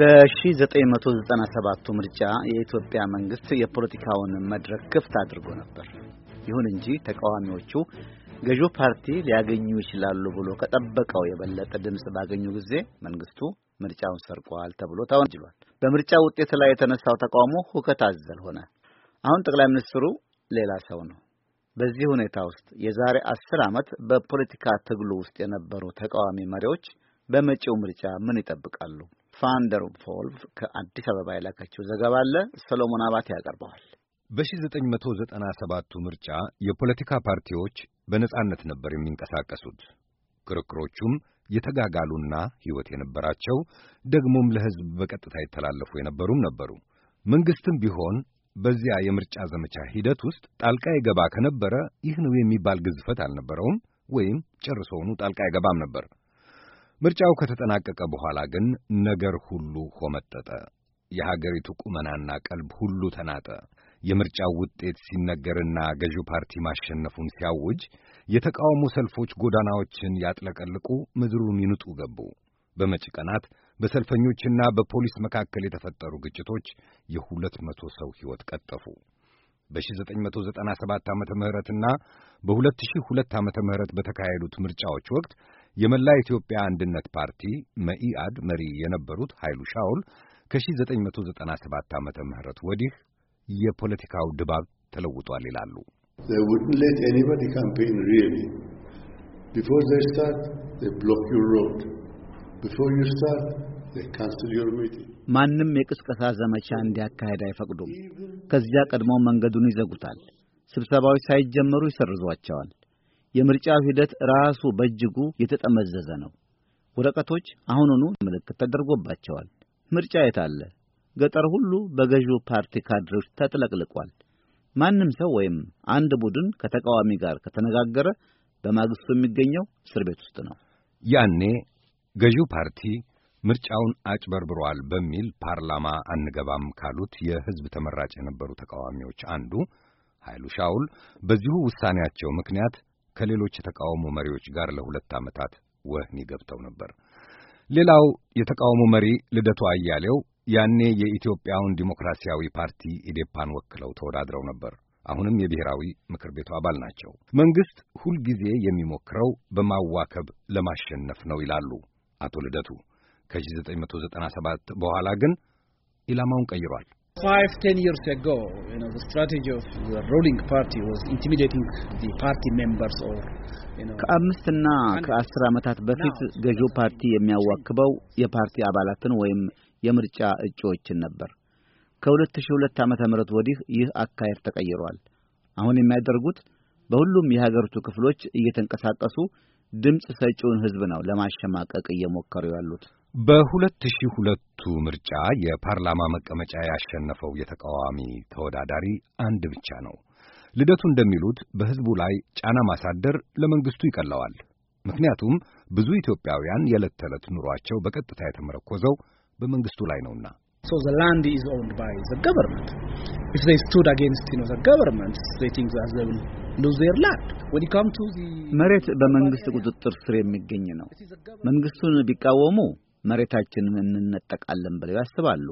ለ1997ቱ ምርጫ የኢትዮጵያ መንግስት የፖለቲካውን መድረክ ክፍት አድርጎ ነበር። ይሁን እንጂ ተቃዋሚዎቹ ገዢው ፓርቲ ሊያገኙ ይችላሉ ብሎ ከጠበቀው የበለጠ ድምፅ ባገኙ ጊዜ መንግስቱ ምርጫውን ሰርቋል ተብሎ ታወንጅሏል። በምርጫ ውጤት ላይ የተነሳው ተቃውሞ ሁከት አዘል ሆነ። አሁን ጠቅላይ ሚኒስትሩ ሌላ ሰው ነው። በዚህ ሁኔታ ውስጥ የዛሬ አስር ዓመት በፖለቲካ ትግሉ ውስጥ የነበሩ ተቃዋሚ መሪዎች በመጪው ምርጫ ምን ይጠብቃሉ? ፋንደር ቮልቭ ከአዲስ አበባ የላከችው ዘገባ አለ። ሰሎሞን አባት ያቀርበዋል። በ1997ቱ ምርጫ የፖለቲካ ፓርቲዎች በነጻነት ነበር የሚንቀሳቀሱት። ክርክሮቹም የተጋጋሉና ሕይወት የነበራቸው ደግሞም ለሕዝብ በቀጥታ ይተላለፉ የነበሩም ነበሩ። መንግሥትም ቢሆን በዚያ የምርጫ ዘመቻ ሂደት ውስጥ ጣልቃ ይገባ ከነበረ ይህ ነው የሚባል ግዝፈት አልነበረውም ወይም ጨርሶውኑ ጣልቃ አይገባም ነበር። ምርጫው ከተጠናቀቀ በኋላ ግን ነገር ሁሉ ሆመጠጠ። የሀገሪቱ ቁመናና ቀልብ ሁሉ ተናጠ። የምርጫው ውጤት ሲነገርና ገዢው ፓርቲ ማሸነፉን ሲያውጅ የተቃውሞ ሰልፎች ጎዳናዎችን ያጥለቀልቁ፣ ምድሩን ይንጡ ገቡ። በመጪ ቀናት በሰልፈኞችና በፖሊስ መካከል የተፈጠሩ ግጭቶች የሁለት መቶ ሰው ሕይወት ቀጠፉ። በ1997 ዓ ምህረትና በ2002 ዓ ምህረት በተካሄዱት ምርጫዎች ወቅት የመላ ኢትዮጵያ አንድነት ፓርቲ መኢአድ መሪ የነበሩት ኃይሉ ሻውል ከ1997 ዓመተ ምህረት ወዲህ የፖለቲካው ድባብ ተለውጧል ይላሉ። ቢፎር ዩ ስታርት ማንም የቅስቀሳ ዘመቻ እንዲያካሄድ አይፈቅዱም። ከዚያ ቀድሞ መንገዱን ይዘጉታል። ስብሰባዎች ሳይጀመሩ ይሰርዟቸዋል። የምርጫው ሂደት ራሱ በእጅጉ የተጠመዘዘ ነው። ወረቀቶች አሁኑኑ ምልክት ተደርጎባቸዋል። ምርጫ የት አለ? ገጠር ሁሉ በገዢው ፓርቲ ካድሬዎች ተጥለቅልቋል። ማንም ሰው ወይም አንድ ቡድን ከተቃዋሚ ጋር ከተነጋገረ በማግስቱ የሚገኘው እስር ቤት ውስጥ ነው። ያኔ ገዢው ፓርቲ ምርጫውን አጭበርብሯል በሚል ፓርላማ አንገባም ካሉት የሕዝብ ተመራጭ የነበሩ ተቃዋሚዎች አንዱ ኃይሉ ሻውል በዚሁ ውሳኔያቸው ምክንያት ከሌሎች የተቃውሞ መሪዎች ጋር ለሁለት ዓመታት ወህኒ ገብተው ነበር። ሌላው የተቃውሞ መሪ ልደቱ አያሌው ያኔ የኢትዮጵያውን ዲሞክራሲያዊ ፓርቲ ኢዴፓን ወክለው ተወዳድረው ነበር። አሁንም የብሔራዊ ምክር ቤቱ አባል ናቸው። መንግሥት ሁልጊዜ የሚሞክረው በማዋከብ ለማሸነፍ ነው ይላሉ አቶ ልደቱ። ከ1997 በኋላ ግን ኢላማውን ቀይሯል። ፋይቭ ቴን ፓርቲ ዋዝ ኢንቲሚዴቲንግ ፓርቲ ሜምበርስ ኦር ከአምስትና ከአስር ዓመታት በፊት ገዢው ፓርቲ የሚያዋክበው የፓርቲ አባላትን ወይም የምርጫ እጩዎችን ነበር። ከ2002 ዓ ም ወዲህ ይህ አካሄድ ተቀይሯል። አሁን የሚያደርጉት በሁሉም የሀገሪቱ ክፍሎች እየተንቀሳቀሱ ድምፅ ሰጪውን ሕዝብ ነው ለማሸማቀቅ እየሞከሩ ያሉት። በሁለት ሺህ ሁለቱ ምርጫ የፓርላማ መቀመጫ ያሸነፈው የተቃዋሚ ተወዳዳሪ አንድ ብቻ ነው። ልደቱ እንደሚሉት በሕዝቡ ላይ ጫና ማሳደር ለመንግሥቱ ይቀለዋል። ምክንያቱም ብዙ ኢትዮጵያውያን የዕለት ተዕለት ኑሯቸው በቀጥታ የተመረኮዘው በመንግሥቱ ላይ ነውና። So the land is owned by the government. If they stood against, you know, the government, they think that they will lose their land. When you come to the መሬት በመንግስት ቁጥጥር ስር የሚገኝ ነው። መንግስቱን ቢቃወሙ መሬታችንን እንነጠቃለን ብለው ያስባሉ።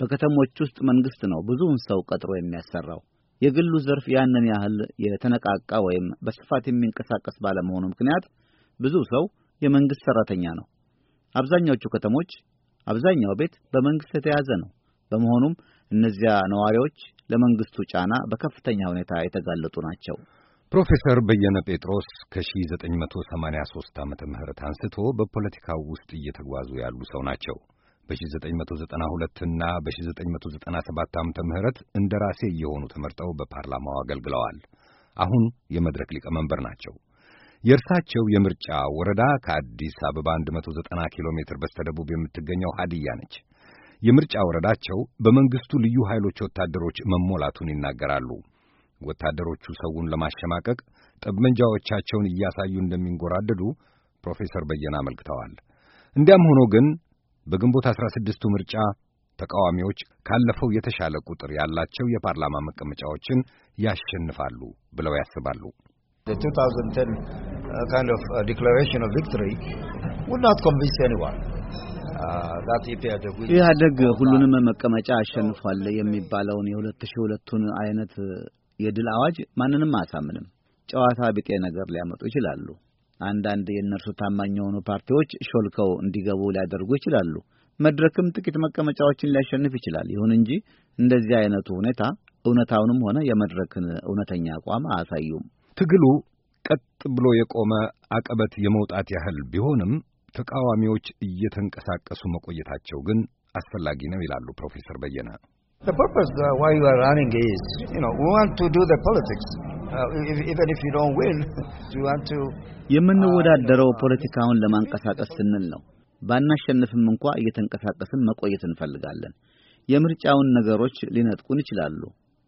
በከተሞች ውስጥ መንግስት ነው ብዙውን ሰው ቀጥሮ የሚያሰራው። የግሉ ዘርፍ ያንን ያህል የተነቃቃ ወይም በስፋት የሚንቀሳቀስ ባለመሆኑ ምክንያት ብዙ ሰው የመንግስት ሠራተኛ ነው። አብዛኛዎቹ ከተሞች አብዛኛው ቤት በመንግስት የተያዘ ነው። በመሆኑም እነዚያ ነዋሪዎች ለመንግስቱ ጫና በከፍተኛ ሁኔታ የተጋለጡ ናቸው። ፕሮፌሰር በየነ ጴጥሮስ ከ1983 ዓ ም አንስቶ በፖለቲካው ውስጥ እየተጓዙ ያሉ ሰው ናቸው። በ1992 እና በ1997 ዓ ም እንደራሴ እየሆኑ ተመርጠው በፓርላማው አገልግለዋል። አሁን የመድረክ ሊቀመንበር ናቸው። የእርሳቸው የምርጫ ወረዳ ከአዲስ አበባ 190 ኪሎ ሜትር በስተደቡብ የምትገኘው ሀዲያ ነች። የምርጫ ወረዳቸው በመንግስቱ ልዩ ኃይሎች ወታደሮች መሞላቱን ይናገራሉ። ወታደሮቹ ሰውን ለማሸማቀቅ ጠመንጃዎቻቸውን እያሳዩ እንደሚንጎራደዱ ፕሮፌሰር በየነ አመልክተዋል። እንዲያም ሆኖ ግን በግንቦት 16 ቱ ምርጫ ተቃዋሚዎች ካለፈው የተሻለ ቁጥር ያላቸው የፓርላማ መቀመጫዎችን ያሸንፋሉ ብለው ያስባሉ። ኢህአደግ ሁሉንም መቀመጫ አሸንፏል የሚባለውን የ ሺህ ሁለቱን አይነት የድል አዋጅ ማንንም አያሳምንም። ጨዋታ ቢጤ ነገር ሊያመጡ ይችላሉ። አንዳንድ የእነርሱ ታማኝ የሆኑ ፓርቲዎች ሾልከው እንዲገቡ ሊያደርጉ ይችላሉ። መድረክም ጥቂት መቀመጫዎችን ሊያሸንፍ ይችላል። ይሁን እንጂ እንደዚህ አይነቱ ሁኔታ እውነታውንም ሆነ የመድረክን እውነተኛ አቋም አያሳዩም። ትግሉ ቀጥ ብሎ የቆመ አቀበት የመውጣት ያህል ቢሆንም ተቃዋሚዎች እየተንቀሳቀሱ መቆየታቸው ግን አስፈላጊ ነው ይላሉ ፕሮፌሰር በየነ። The purpose uh, why you are running is, you know, we want to do the politics. Uh, የምንወዳደረው uh, ፖለቲካውን ለማንቀሳቀስ ስንል ነው። ባናሸንፍም እንኳ እየተንቀሳቀስን መቆየት እንፈልጋለን። የምርጫውን ነገሮች ሊነጥቁን ይችላሉ።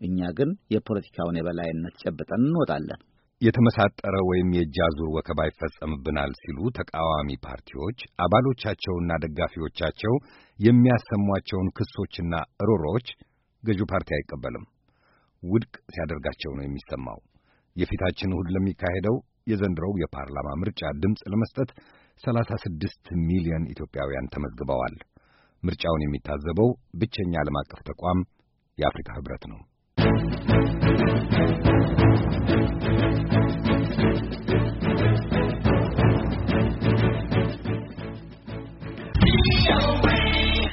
እኛ ግን የፖለቲካውን የበላይነት ጨብጠን እንወጣለን። የተመሳጠረ ወይም የእጅ አዙር ወከባ ይፈጸምብናል ሲሉ ተቃዋሚ ፓርቲዎች አባሎቻቸውና ደጋፊዎቻቸው የሚያሰሟቸውን ክሶችና እሮሮዎች ገዢው ፓርቲ አይቀበልም፣ ውድቅ ሲያደርጋቸው ነው የሚሰማው። የፊታችን እሁድ ለሚካሄደው የዘንድሮው የፓርላማ ምርጫ ድምፅ ለመስጠት 36 ሚሊዮን ኢትዮጵያውያን ተመዝግበዋል። ምርጫውን የሚታዘበው ብቸኛ ዓለም አቀፍ ተቋም የአፍሪካ ህብረት ነው። show.